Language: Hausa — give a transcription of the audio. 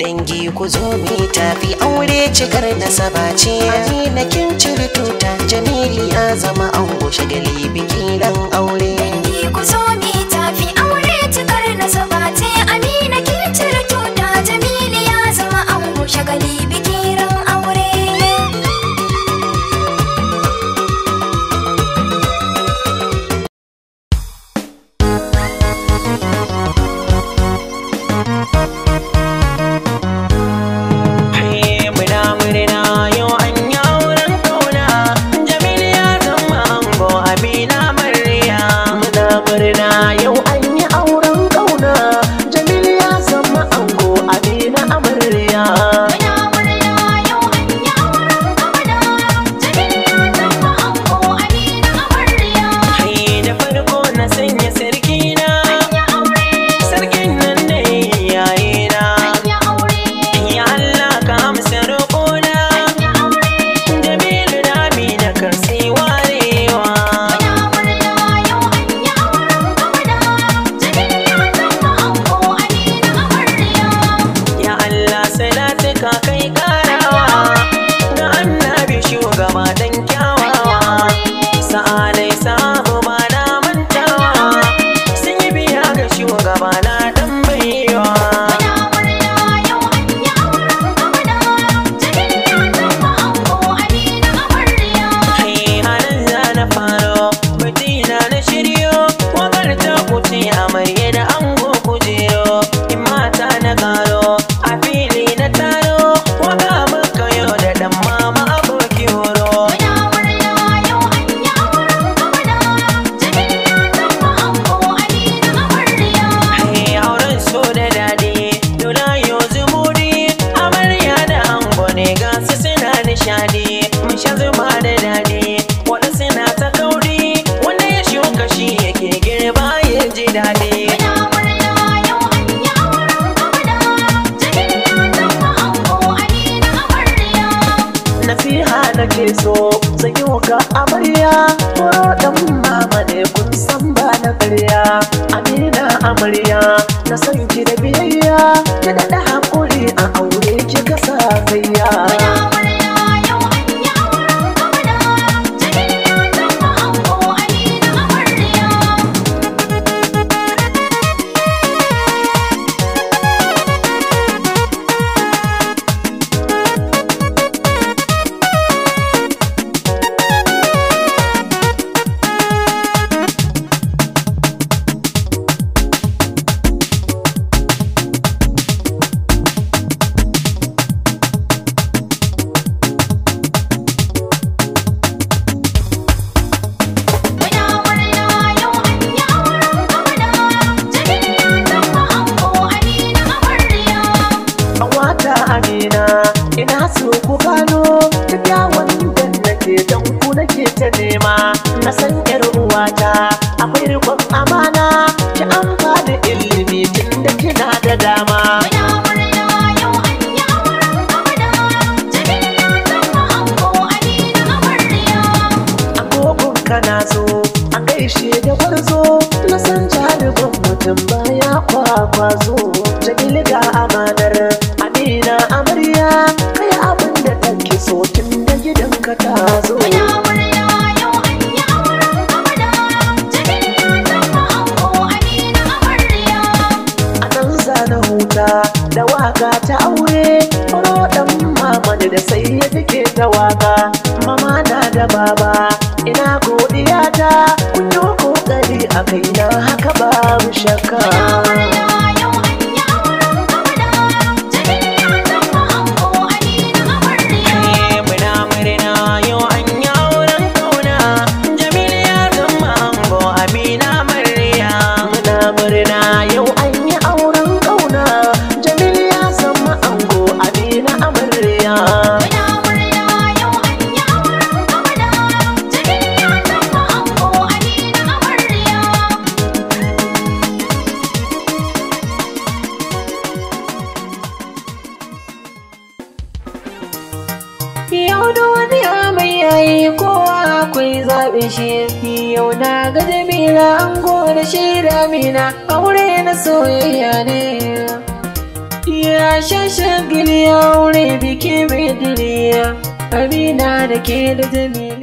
dangi ku zo mu tafi aure cikar nasaba ce na kin ci tuta jamili ya zama an goshe nasiha nake so zan yi wuka amarya horo dan mama ne kun san ba na karya amina amarya na san ki da biyayya ki da hakuri a kwazo jamilga amanar amina amarya kai abin da take so tun da ka ta zo da waka ta aure faro dan mama da sai ya take ta waka mama na da baba ina godiya ta kun yi kokari a kaina haka babu shakka yayi kowa akwai zaɓin shi ni yau na ga jamila an gona shi damina aure na soyayya ne ya shashe gini aure biki mai duniya amina da ke da jamila